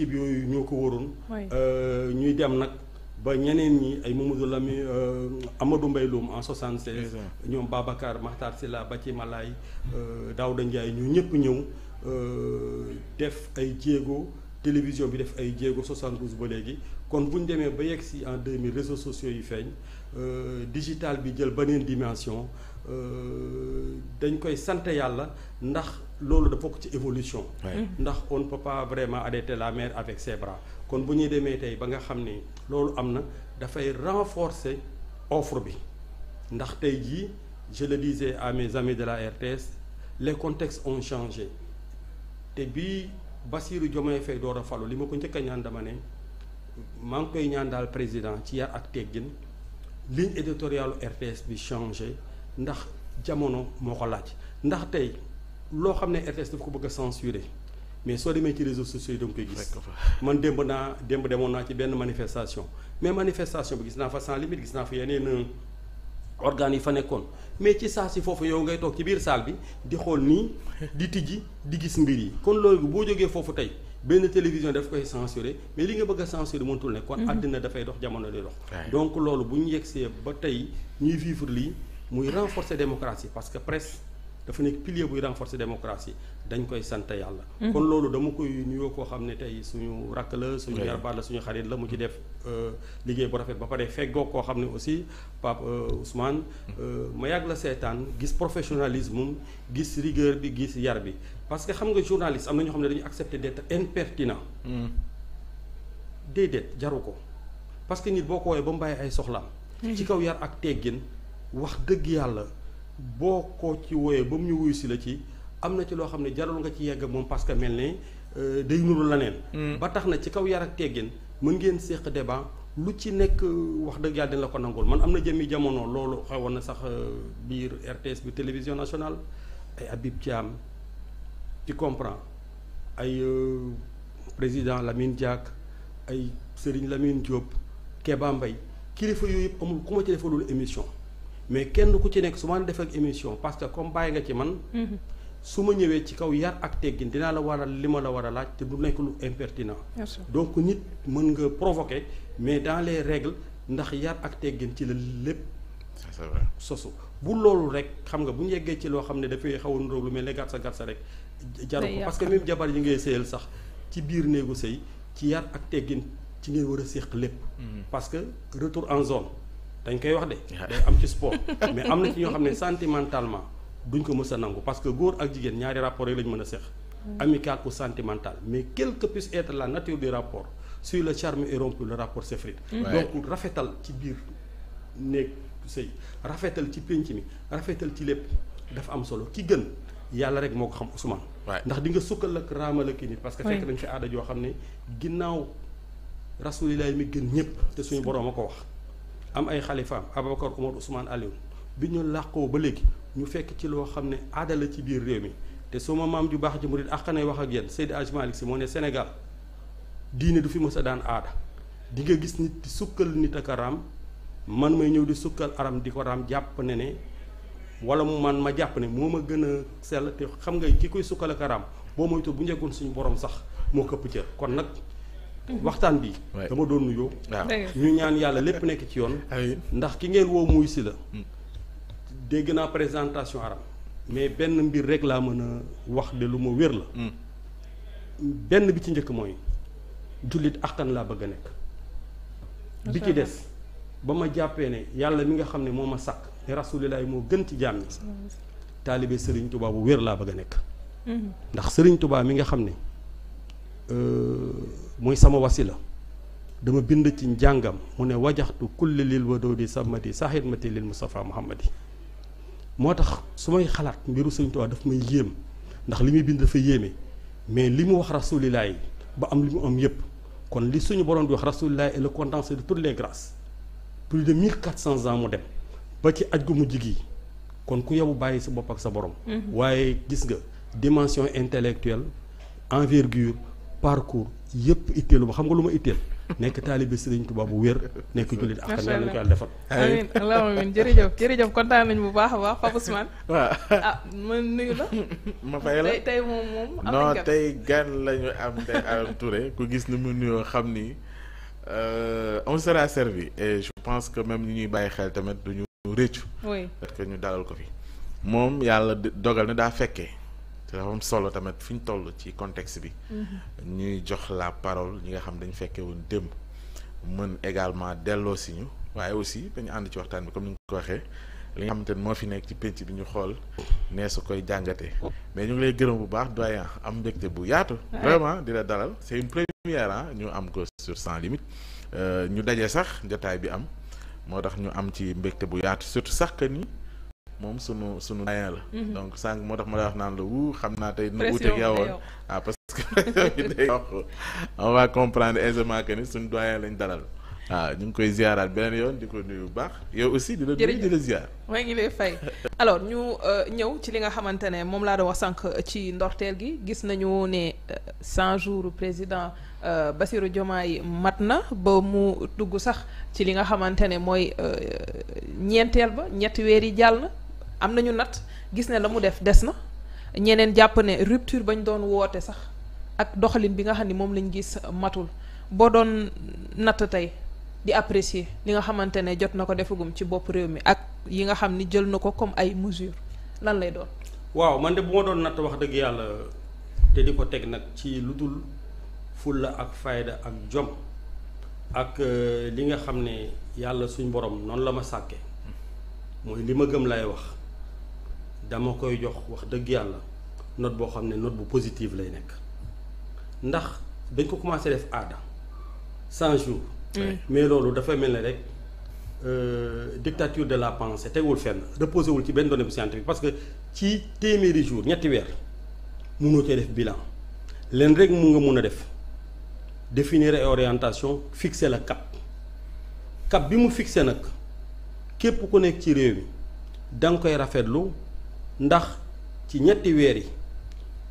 équipe yooyu ñoo ko waroon. Euh, ñuy dem nag ba ñeneen ñi ay Mamadou Lami euh, Amadou mbay Loum en 76. ñoom Babacar Makhtar Sylla ba ci Malaay euh, da Ndiaye ñu ñëpp ñëw def ay jéego télévision bi def ay jéego 72 ba léegi kon bu ñu demee ba yegg si en 2000 réseaux sociaux yi feeñ digital bi jël beneen dimension. dañ koy sant yàlla ndax loolu dafa bokk ci évolution mm-hmm. ndax on papa peut pas la maire avec ses kon bu ñuy demee tey ba nga xam ne loolu am na dafay renforcer offre bi ndax tey jii je le disais à mes amis de la RTS les contextes on changé te bii Bassirou Diomaye Faye door falu li ma ko njëkk a ñaan dama ne maa ngi koy ñaan daal président ci yar ak teggin ligne éditoriale RTS bi changé ndax jamono moo ko laaj ndax tey loo xam ne RTS daf ko bëgg a censurer mais soo demee ci réseaux sociaux yi da nga koy gis man démb naa démb demoon naa ci benn manifestation mais manifestation bi gis naa fa sans limite gis naa fa yeneen euh, organes yi fa nekkoon mais ci saa si foofu yow ngay toog ci biir salle bi di xool nii di tijji di gis mbir yi kon loolu boo jógee foofu tey benn télévision daf koy censurer mais li nga bëgg a censurer mënatul ne kon mhm. àddina dox jamono di dox donc loolu bu ñu yegsee ba tey ñuy vivre lii muy renforcer démocratie parce que presse dafa nekk pilier buy renforcer démocratie dañ koy sant yàlla. Mhm. kon loolu dama koy nuyoo koo xam ne tey suñu rakk la suñu jarbaat la suñu xarit la mu ci def euh, liggéey bu rafet ba pare feggoo koo xam ne aussi Pape euh, Ousmane. Mhm. Euh, ma yàgg la seetaan gis professionnalisme gis rigueur bi gis yar bi parce que xam nga journaliste am na ñoo xam ne dañu accepter d'être impertinent. Mhm. déedéet jaru ko parce que nit boo ko woowee ba mu bàyyi ay soxlaam. ci kaw yar ak teggin. wax dëgg yàlla boo ko ci wooyee ba mu ñu wuyu si la ci am na ci loo xam ne jarul nga ci yegg moom parce que mel ne euh, day nuru leneen. Mm. ba tax na ci kaw yar ak teggin mën ngeen séq débat lu ci nekk euh, wax dëgg yàlla dina la ko nangul man am na jëmmi jamono loolu xewoon na sax euh, biir RTS bi télévision nationale ay Habib Thiam ci comprends ay président Lamine Diack ay Serigne Lamine Diop Keba Mbaye kilifa yooyu yëpp amul ku ma ci émission. mais kenn ku ci nekk su ma def ak émission parce que comme bàyyi nga ci man. Mhm. su ma ñëwee ci kaw yar ak teggin dinaa la waral li ma la war a laaj te du nekk lu impertinent. donc nit mën nga provoquer mais dans les règles ndax yar ak teggin ci la lépp. sosu bu loolu rek xam nga bu ñu yeggee ci loo xam ne dafay xaw a lu mel ne gàtt sa gàtt sa rek. jaru ko parce que même jabar yi ngay sëyal sax ci biir néegu sëy ci yar ak teggin ci ngeen war a séq lépp. Mhm. parce que retour en zone. dañ koy wax de day am ci sport mais am na ci ñoo xam ne sentimentalement duñ ko mës a nangu parce que góor ak jigéen ñaari rapport yi lañ mën a seq mm. amical ou sentimental mais quelle que puisse être la nature du rapport sur le charme est rompu rapport s'effrite mm. donc rafetal ci biir néeg sëy rafetal ci pénc mi rafetal ci lépp dafa am solo ki gën yàlla rek moo ko xam Ousmane ndax di nga sukkal ak raamal ak nit parce que fekk dañ fi joo xam ne ginnaaw rasulilaay mi gën ñëpp te suñu boroom a ko wax am ay xalifaam Ababacar Omar Ousmane Aliou bi ñu làqoo ba léegi ñu fekk ci loo xam ne aadala ci biir réew mi te soo ma maam ju baax ji murid ak xanay wax ak yéen Seydi Hadji Malick ne Sénégal diine du fi mës a daan aada di gis nit sukkal nit raam man may ñëw di sukkal aram di ko raam jàpp ne ne wala mu man ma jàpp ne moo ma gën a sell te xam nga ki koy sukkal ak raam boo moytu bu njëkkoon suñu borom sax moo këpp cër kon nag Mhm. waxtaan bi dama doon nuyoo ñu ñaan yàlla lépp nekk ci yoon ndax ki ngeen woo muy si la hmm. dégg naa présentation arab mais benn mbir rek laa mën a wax de lu ma wér la hmm. benn bi ci njëkk mooy jullit axtan laa bëgg a nekk bi ci des ba ma jàppee ne yàlla mi nga xam ne moo ma sàkk ne rasulilaay moo gën ci jaam ñi taalibe sëriñ tubaa bu wér laa bëgg a nekk hmm. ndax sëriñ tubaa mi nga xam ne euh, muy sama wasila dama bind ci njàngam mu ne wajaxtu kulli lil wadoodi samati saaxitmati lil Moustapha Muhammadi moo tax su may xalaat mbiru Sëriñ Tuubaa dafa may yéem ndax li muy bind dafa yéeme mais li mu wax rasulilaay ba am li mu am yépp kon li suñu borom di wax rasulilaay est le condensé de tout les grâces plus de 1400 ans mu dem ba ci aj gu mujj gi kon ku yow bàyyi sa bopp ak sa borom. Mhm. waaye gis nga dimension intellectuelle envergure yëpp itteelu ma xam nga lu ma itteel nekk taalibe Sëriñ Tuubaa bu wér nekk jullit ak ah, na lañu ko yàlla defal amiin allahumma amiin kontaan nañ bu baax a baax Pape Ousmane waaw ah ma nuyu la ma fay la tey moom moom la ñu am gis ni mu nuyoo xam ni euh, on sera servi et je pense que même ñi ñuy bàyyi xel tamit duñu réccu parce que ñu dalal ko fi moom yàlla dogal na daa fekkee te dafa solo tamit fi ñu toll ci contexte bi. Mm-hmm. ñuy jox la parole ñi nga xam dañu fekkee woon démb. mën également delloo si ñu waaye aussi dañu ànd ci waxtaan bi comme ni nga ko waxee li nga xamante ne moo fi nekk ci pénc bi ñu xool nee su koy jàngatee mais ñu ngi lay gërëm bu baax doyen am mbégte bu yaatu. vraiment di la dalal c'est une première am ñu am ko sur sans limite euh, ñu daje sax jotaay bi am moo tax ñu am ci mbégte bu yaatu surtout sax que ni. moom sunu sunu nayen la mhm. donc sànq moo tax ma la wax naan la wu xam naa tey dina wuuteeg yow ah parce que day wax on va comprendre aisément que ni suñu doyen lañ dalal waaw ah, ñu ngi koy ziaraat beneen yoon di ko nuyu bu baax yow aussi di la nuyu di la ziar maa ngi lay fay alors ñu euh, ñëw ci li nga xamante ne moom laa doon wax sànq ci ndorteel gi gis nañu ne euh, cent jours président euh, Bassirou yi mat na ba mu dugg sax ci li nga xamante ne mooy ñeenteel ba ñetti weer yi jàll am nañu nat gis ne la mu def des na ñeneen jàpp ne rupture bañ doon woote sax ak doxalin bi nga xam ne moom lañ gis matul boo doon natt tey di apprécier li nga xamante ne jot na ko defagum ci bopp réew mi ak yi nga xam ni jël na ko comme ay mesures lan lay doon. waaw man de bu ma doon natt wax dëgg yàlla te di ko teg nag ci lu dul fulla ak fayda ak jom ak euh, li nga xam ne yàlla suñ borom noonu la ma sàkke mooy li ma gëm lay wax. dama koy jox wax dëgg yàlla not boo xam ne not bu positive lay nekk ndax dañ ko commencé def aada cent jours mais loolu dafay mel ne rek euh, dictature de la pensée tegul fenn reposé wul ci benn donnée bu scientifique parce que ci téeméeri jour ñetti weer mënoo cee def bilan leen rek mu nga mun a def définir ay orientation fixer la cap cap bi mu fixé nag képp ku nekk ci réew mi da koy rafetlu ndax ci ñetti weer yi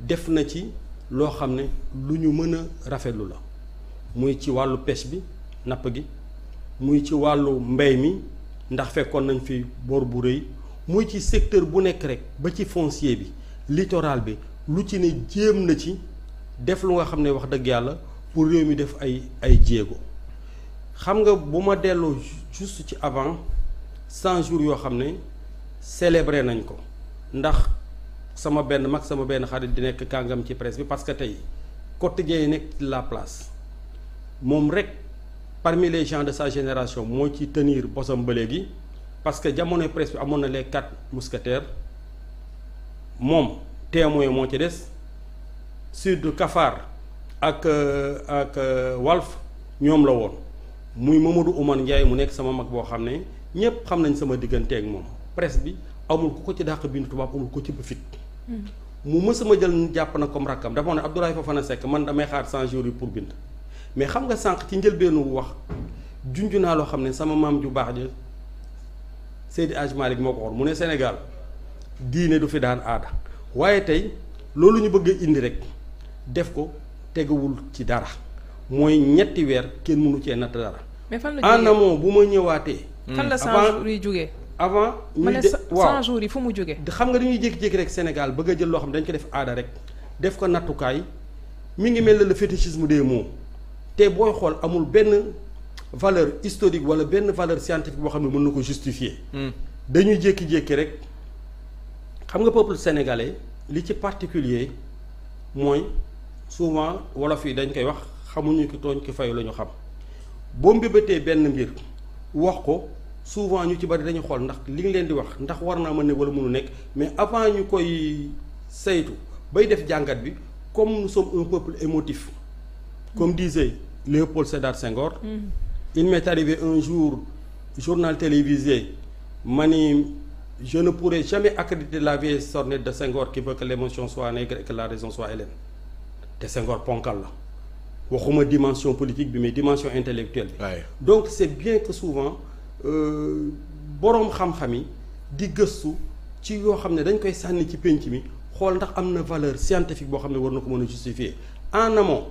def na ci loo xam ne lu ñu mën a rafetlu la muy ci wàllu pêche bi napp gi muy ci wàllu mbay mi ndax fekkoon nañ fi bor bu rëy muy ci secteur bu nekk rek ba ci foncier bi littoral bi lu ci ne jéem na ci def lu nga xam ne wax dëgg yàlla pour réew mi def ay ay jéego xam nga bu ma delloo juste ci avant cent jours yoo xam ne selebre nañ ko ndax sama benn mag sama benn xarit di nekk kàngam ci presse bi parce que tey quotidien yi nekk la place moom rek parmi les gens de sa génération moo ci tenir bosam ba léegi parce que jamonoy presse bi amoon na les quatre mousquetaires moom témoin moo ci des Sud Kafar ak euh, ak euh, Walf ñoom la woon muy Mamadou Oumar Ndiaye mu nekk sama mag boo xam ne ñépp xam nañ sama diggante ak moom presse bi amul ku ko ci dàq bind tubaab amul ko ci ba fit hmm. mu mësuma jël jàpp na comme rakkam dafa wax ne Abdoulaye Fofana sekk man damay xaar 100 jours yi pour bind mais xam nga sànq ci njëlbeenu wax junj naa loo xam ne sama maam ju baax ja Seydi Hadj Malick moo ko waxoon mu ne Sénégal diine du fi daan aada waaye tey loolu ñu bëgg indi rek def ko tegawul ci dara mooy ñetti weer kenn mënu cee natt dara. mais fan en amont bu ma ñëwaatee. fan la 100 yi jógee avant ñuy de waaw 100 jours yi mu jógee xam nga dañuy jékki-jékki rek Sénégal bëgg a jël loo xam dañ ko def aada rek def ko nattukaay mi ngi mel ne le fétichisme des mots te booy xool amul benn valeur historique wala benn valeur scientifique boo xam ne mën na ko justifier hmm. dañuy jékki-jékki rek xam nga peuple sénégalais li ci particulier mooy souvent wolof yi dañ koy wax xamuñu ki tooñ ko fayu la ñu xam boo mbébétee benn mbir wax ko souvent ñu ci bari dañu xool ndax li nga leen di wax ndax war naa ma ne wala mënu nekk mais avant ñu koy saytu bay def jàngat bi comme nous sommes un peuple émotif comme disait Léopold Sédar Senghor mm. il m'est arrivé un jour journal télévisé ma ni je ne pourrai jamais accréditer la vieille sornette de Senghor qui veut que l'émotion soit nègre et que la raison soit hellène te Senghor ponkal la waxuma dimension politique bi mais dimension intellectuelle bi donc c'est bien que souvent Euh, boroom xam-xam yi di gëstu ci yoo xam ne dañ koy sànni ci pénc mi xool ndax am na valeur scientifique boo xam ne war na ko mën a justifier en amont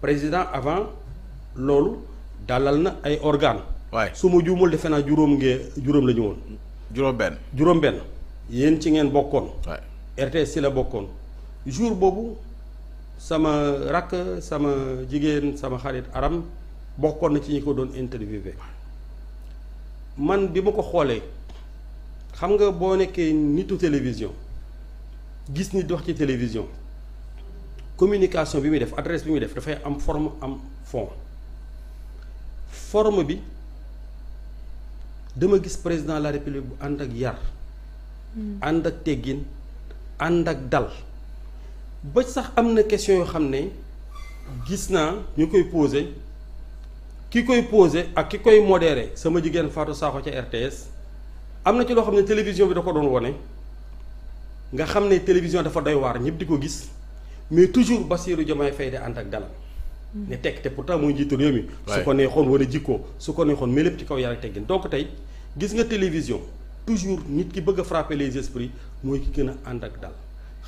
président avant loolu dalal na ay organes. waay su ma defe naa juróom ngee juróom la ñu woon. juróom benn juróom benn. yéen ci ngeen bokkoon. RTS si la bokkoon. jour boobu sama rakk sama jigéen sama xarit Aram bokkoon na ci ñi ko doon interviewé. man bi ma ko xoolee xam nga boo nekkee nitu télévision gis ni dox ci télévision communication bi muy def adresse bi muy def dafay am forme am fond forme bi dama gis président la république bu ànd ak yar hmm. ànd ak teggin ànd ak dal ba sax am na question yoo xam ne gis naa ñu koy posé ki koy posé ak ki koy modéré sama jigéen Fatou Sakho ca RTS am na ci loo xam ne télévision bi da ko doon wone nga xam ne télévision dafa doy waar ñëpp di ko gis mais toujours Bassirou Diomaye fay di ànd ak dalal. Mm. ne tekk te pourtant muy njiitu réew mi. su ko neexoon wala jikkoo su ko neexoon mais lépp ci kaw yar ak teggin donc tey gis nga télévision toujours nit ki bëgg a les esprits mooy ki gën a ànd ak dal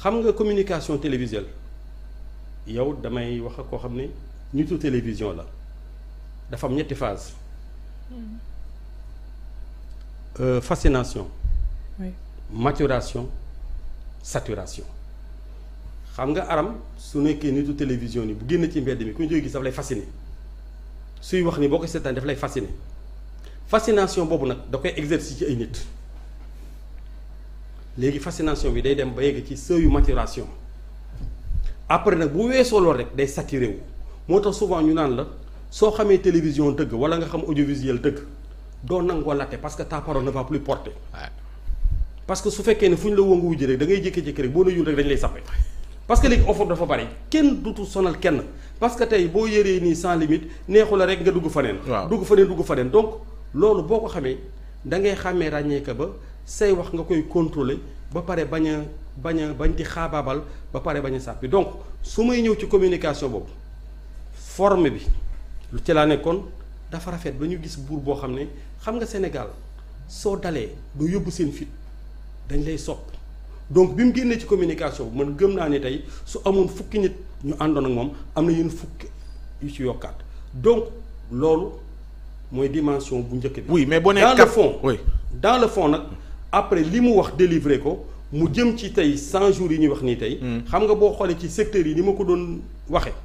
xam nga communication télévisuelle yow damay wax koo xam ne nitu télévision la. dafa am ñetti phase hmm. euh, fascination oui. maturation saturation xam nga aram su nekkee nitu télévision ni bu génn ci mbedd mi ku ñu jógee gis daf lay fasciné suy wax ni boo koy seetaan daf lay fasciné fascination boobu nag da koy exercer ci ay nit léegi fascination bi day dem ba yegg ci seuil maturation après nag bu weesoo loolu rek day saturé wu moo tax souvent ñu naan la soo xamee télévision dëgg wala nga xam audiovisuel dëgg doo nangoo latte parce que ta parole ne va plus porter parce que su fekkee ne fu ñu la wongu wujji rek da ngay jékki-jékki rek boo na yul rek dañu lay sappe parce que léegi dafa bari kenn dutul sonal kenn parce que tey boo yëree nii sans limite neexu la rek nga dugg faneen dugg faneen dugg faneen donc loolu boo ko xamee da ngay xàmmee ràññeeka ba say wax nga koy contrôler ba pare bañ a bañ a bañ di xaabaabal ba pare bañ a donc su may ñëw ci communication boobu forme bi lu ci laa nekkoon dafa rafet ba ñu gis buur boo xam ne xam nga Sénégal soo dalee doo yóbbu seen fit dañ lay sopp donc bi mu génnee ci communication man gëm naa ne tey su amoon fukki nit ñu àndoon nag moom am na yenn fukki yu ci yokkaat donc loolu mooy dimension bu njëkk bi. mais boo nee dans le fond dans le fond nag après li mu wax délivrer ko mu jëm ci tey 100 jours yi ñuy wax nii tey. Hmm. xam nga boo xoolee ci secteurs yi ni ma ko doon waxee.